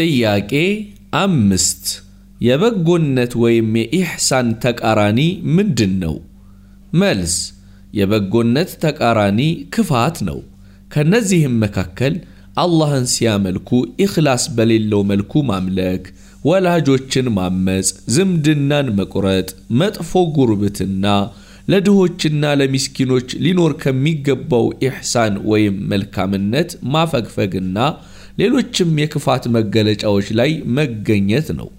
ጥያቄ አምስት የበጎነት ወይም የኢሕሳን ተቃራኒ ምንድን ነው? መልስ የበጎነት ተቃራኒ ክፋት ነው። ከነዚህም መካከል አላህን ሲያመልኩ ኢኽላስ በሌለው መልኩ ማምለክ፣ ወላጆችን ማመፅ፣ ዝምድናን መቁረጥ፣ መጥፎ ጉርብትና ለድሆችና ለሚስኪኖች ሊኖር ከሚገባው ኢሕሳን ወይም መልካምነት ማፈግፈግና ሌሎችም የክፋት መገለጫዎች ላይ መገኘት ነው።